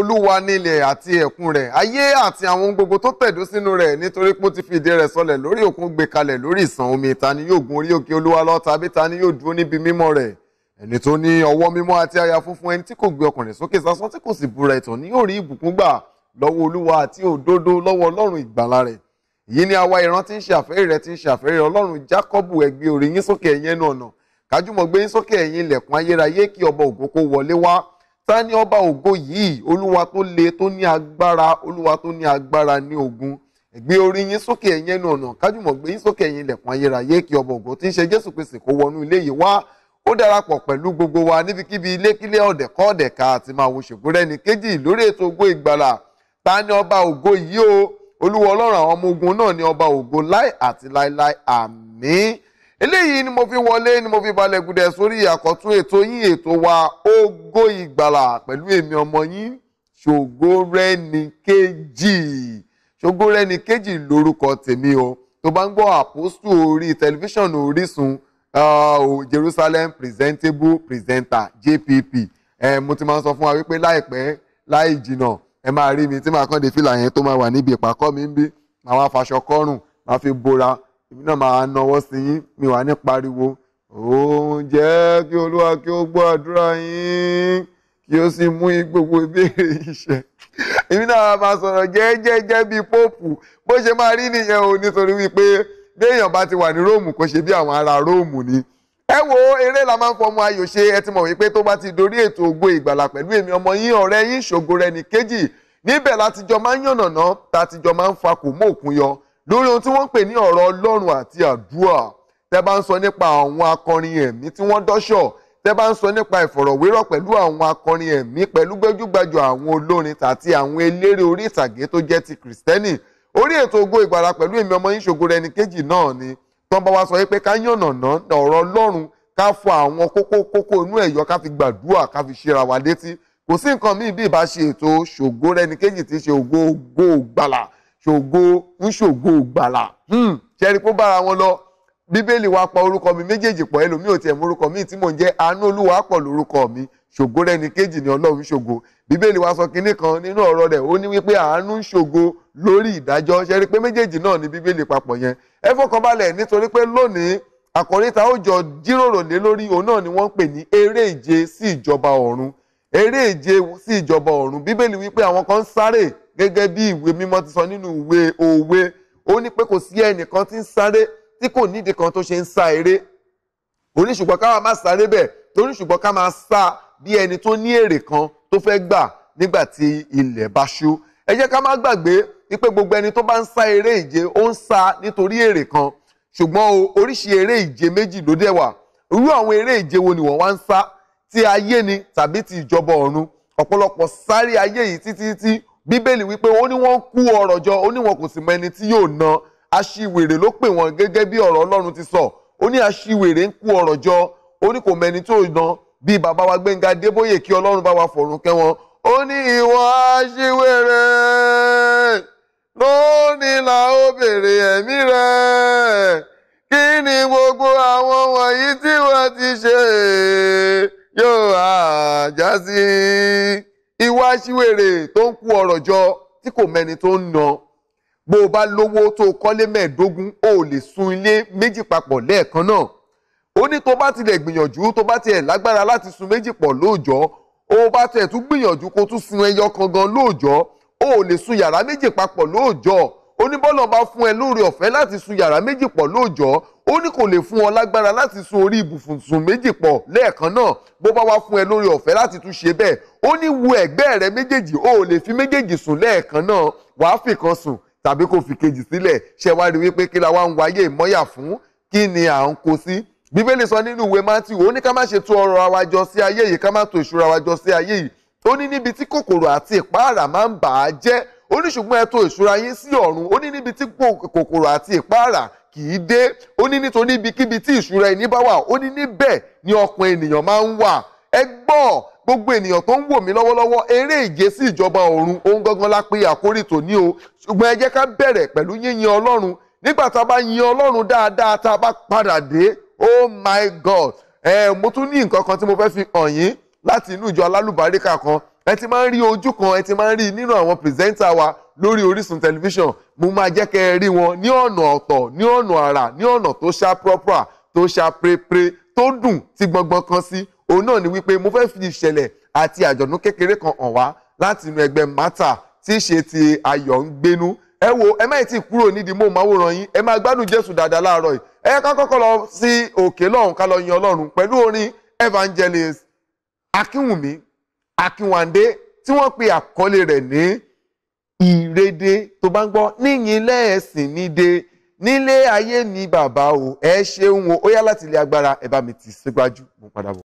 olúwa nílẹ̀ àti ẹ̀kún rẹ̀ ayé àti àwọn gbogbo tó tẹ̀dó sínú rẹ̀ nítorí pé ó ti fìdí rẹ̀ sọlẹ̀ lórí òkun gbé kalẹ̀ lórí ìsàn omi ta ni yóò gun orí òkè olúwa lọ tàbí ta ni yóò dúró níbi mímọ́ rẹ̀ ẹni tó ní ọwọ́ mímọ́ àti àyà funfun ẹni tí kò gbé ọkàn rẹ̀ sókè sásán tí kò sì búra ẹ̀tàn ni yóò rí ìbùkún gbà lọ́wọ́ olúwa àti òdodo lọ́wọ́ ọlọ́run ìgbàlà rẹ̀ èyí ni àwa ìran tí ń ṣe àfẹ́rí rẹ̀ tí ń ṣe àfẹ́rí ọlọ́run jákọ́bù ẹ gbé yín sókè ẹ̀yin ẹnu ọ̀nà kájúmọ̀ gbé yín sókè ẹ̀yin ilẹ̀kùn ayérayé kí ọba ògo wọlé wá ta ni ọba ògo yìí olúwa tó le tó ní agbára olúwa tó ní agbára ní ogun gbé orí yín sókè ẹ̀yin ẹnu ọ̀nà kájùmọ̀ gbé yín sókè ẹ̀yin ilẹ̀kùn ayérayé kí ọba ògo tí ń ṣe jésù kristi kó wọnú ilé yìí wá ó darapọ̀ pẹ̀lú gbogbo wa níbikíbi ilékílé ọ̀dẹ̀kọ́ ọ̀dẹ̀ka àti máa wo ṣògbórẹ́ni kejì lórí ètò ògo ìgbàlà ta ni ọba ògo yìí o olúwa ọlọ́run àwọn ọmọ ogun náà ni ọba ògo láì àti láíláí àmín eléyìí ni mo fi wọlé ni mo fi balẹ̀ gùdẹ̀ sórí àkọ́tún ètò yín ètò wa ògo ìgbàlà pẹ̀lú èmi ọmọ yín ṣògórẹ́nìkejì ṣògórẹ́nìkejì lórúkọ tèmi o tó bá ń gbọ́ àpòsù orí tẹlifíṣàn Orísun uh, Jerusalem presentable presenter JPP mo ti máa ń sọ fún wa wípé láìpẹ́ láì jìnnà ẹ máa rí mi tí màá kàn dé fìlà yẹn tó máa wà níbi ìpàkọ́ mi ń bí màá wá faṣọ kọ́rùn màá fi bora èmi náà máa náwó sí yín mi wà ní pariwo òun jẹ́ kí olúwa kí ó gbọ́ àdúrà yín kí ó sì mú gbogbo ìbéèrè yìí ṣẹ èmi náà máa sọ̀rọ̀ jẹ́ẹ́jẹ́jẹ́ bíi póòpù bó ṣe máa rí nìyẹn o nítorí wípé béèyàn bá ti wà ní róòmù kó ṣe bí àwọn ará róòmù ni ẹ wo eré la máa ń fọmọ ayò ṣe ẹ ti mọ̀ wípé tó bá ti dorí ètò ògo ìgbàlà pẹ̀lú èmi ọmọ yín ọ̀rẹ́ yín ṣògo rẹ ní kejì níbẹ̀ látijọ́ máa ń yànnàná tàtijọ́ máa ń fakò mọ́ òkun yọ lórí ohun tí wọ́n ń pè ní ọ̀rọ̀ ọlọ́run àti àdúrà tẹ́ bá ń sọ nípa àwọn akọrin ẹ̀mí tí wọ́n dọ́ṣọ̀ tẹ́ bá ń sọ nípa ìfọ̀rọ̀wérọ̀ pẹ̀lú àwọn akọrin ẹ̀mí pẹ̀lú gbẹ́júgbajọ̀ àwọn olórin àti àwọn eléré orí ìtàgé tó jẹ́ ti kìrìsìtẹ́nì orí ètò Ògo Ìgbàlà pẹ̀lú èmi ọmọ yín Ṣògorẹ̀níkejì náà ni tọ́n bá wa sọ pé ká yànnàná ọ̀rọ̀ ọlọ́run ká fọ àwọn kókó kókó inú ẹ̀yọ́ ká fi gbàdúrà ká fi ṣera wa létí kò sí nǹkan míì bí ìbá ṣe ètò Ṣògorẹ̀níkejì tí ṣe Ògo Ògo Ìgbàlà ṣògo ń ṣògo gbàlà hmm. ṣẹ́ni kó bára wọn lọ bíbélì wa pa orúkọ mi méjèèjì pọ̀ ẹlòmíì ò tiẹ̀ mú orúkọ mi tí mò ń jẹ́ àánú olúwa pọ̀ lórúkọ mi ṣògo rẹ̀ ní kejì ní ọlọ́run ṣògo bíbélì wa sọ kinní kan nínú ọ̀rọ̀ rẹ̀ ó ní wípé àánú ń ṣògo lórí ìdájọ́ ṣẹ́ni pé méjèèjì náà ní bíbélì papọ̀ yẹn ẹ fọkànbalẹ̀ nítorí pé lónìí àkòrí ó jọ jíròrò lé lórí òun náà ni wọ́n pè ní eré ìje sí ìjọba ọ̀run eré ìje sí ìjọba ọ̀run bíbélì wípé àwọn kan sáré gẹ́gẹ́ bí ìwé mímọ́ ti sọ nínú ìwé òwe ó ní pé kò sí ẹnìkan tí ń sáré tí kò nídìí kan tó ṣe ń sá eré orí ṣùgbọ́n ká máa sáré bẹ̀ torí ṣùgbọ́n ká máa sá bí ẹni tó ní èrè kan tó fẹ́ gbà nígbà tí ilẹ̀ bá ṣú ẹ jẹ́ ká má gbàgbé wípé gbogbo ẹni tó bá ń sá eré ìje ó ń sá nítorí èrè kan ṣùgbọ́n oríṣi eré ìje méjì ló dẹ̀ wà irú àwọn eré ìje wo ni wọ́n wá ń sá ti ayé ni tàbí ti ìjọba ọ̀run ọ̀pọ̀lọpọ̀ sáré ayé yìí títí tí bíbélì wípé ó ní wọ́n kú ọrọ̀ jọ ó ní wọn kò sì mọ ẹni tí yóò na aṣiwèrè ló pè wọ́n gẹ́gẹ́ bí ọ̀rọ̀ Ọlọ́run ti sọ ó ní aṣiwèrè ń kú ọrọ̀ jọ ó ní kò mọ ẹni tó na bí bàbá wa Gbẹ́ngà Adébóyè kí Ọlọ́run bá wa fọ̀run kẹ́ wọn ó ní ìwọ aṣiwèrè lónìí la ó béèrè ẹ̀mí rẹ̀ kí ni gbogbo àwọn wọ̀nyí tí wọ́n ti ṣe yóò àjá sí i ìwà aṣiwèrè tó ń kú ọ̀rọ̀ jọ tí kò mẹ́ni tó ń ná bó o bá lówó tó o kọ́lé mẹ́ẹ̀ẹ́dógún o lè sun ilé méjì papọ̀ lẹ́ẹ̀kan náà ó ní tó bá tilẹ̀ gbìyànjú tó bá tiẹ̀ lágbára láti sun méjì pọ̀ lóòjọ́ o bá tiẹ̀ tún gbìyànjú kó tún sun ẹyọ kan gan lóòjọ́ o lè sun yàrá méjì papọ̀ lóòjọ́ oníbọ́lọ̀ bá fún ẹ lóore ọ̀fẹ́ láti sun yàrá méjì pọ̀ lóòjọ́ ó ní kò lè fún ọ lágbára láti sun orí ibùsùn méjì pọ̀ lẹ́ẹ̀kan náà bó bá wá fún ẹ lórí ọ̀fẹ́ láti tún ṣe bẹ́ẹ̀ ó ní wo ẹ̀gbẹ́ rẹ méjèèjì o ò lè fi méjèèjì sùn lẹ́ẹ̀kan náà wàá fìkan sùn tàbí kò fi kejì sílẹ̀ ṣe wá rí wípé kí la wá ń wáyé ìmọ́yà fún kí ni à ń kó sí bíbélì sọ nínú ìwé matthew ó ní ká má ṣe tú ọrọ̀ àwa jọ sí ayé yìí ká má tò ìṣúra wa jọ sí ayé yìí ó ní níbi tí kòkòrò àti ìpáàrà máa ń bà á jẹ́ ó ní ṣùgbọ́n ẹ tò ìṣúra yín sí ọ̀run ó ní níbi tí kòkòrò àti ìpáàrà kì í dé ó ní nítorí ibikíbi tí ìṣúra ẹni bá wà ó ní níbẹ̀ ni ọkàn ènìyàn máa ń wà ẹ gbọ́ gbogbo ènìyàn tó ń wò mí lọ́wọ́lọ́wọ́ eré ìje sí ìjọba ọ̀run ohun gangan la pé àkórí tòní o ṣùgbọ́n ẹ jẹ́ ká bẹ̀rẹ̀ pẹ̀lú yíyin ọlọ́run nígbà tá a bá yin ọlọ́run dáadáa tá a bá padà dé oh my god ẹ mo tún ní nǹkan kan tí mo fẹ́ fi hàn yín láti inú ìjọ alálùbáríkà kan ẹ ti máa ń rí ojú kan ẹ ti máa ń rí nínú àwọn pìrìsẹ́ńtà wa lórí Orísun tẹlifíṣàn mo máa jẹ́ kẹ́ ẹ rí wọn ní ọ̀nà ọ̀tọ̀ ní ọ̀nà àrà ní ọ̀nà tó ṣá pọ́pọ́ tó ṣá pérépéré tó dùn tí gbọ̀ngbọ̀n kan sí òun náà ni wípé mo fẹ́ fi ìṣẹ̀lẹ̀ àti àjọ̀dún kékeré kan hàn wá láti inú ẹgbẹ́ mata tí í ṣe ti ayọ̀ ń gbénú ẹ wo ẹ má tí ì kúrò nídìí mò ń máwòrán yín ẹ máa gbádùn Jésù dáadáa láàárọ̀ yìí ẹ ká kọ́kọ́ lọ sí òkè lọ́hùn ká lọ yin Ọlọ́run pẹ̀lú orin evangelist Akínwùmí Akínwándé tí wọ́n pe àkọlé rẹ̀ ní ìrede tó bá ń gbọ́ níyìn lẹ́ẹ̀sìn níde nílé ayé ni bàbá o ẹ ṣeun o ó yá láti ilé agbára ẹ bá mi tì síwájú mo padà bọ̀.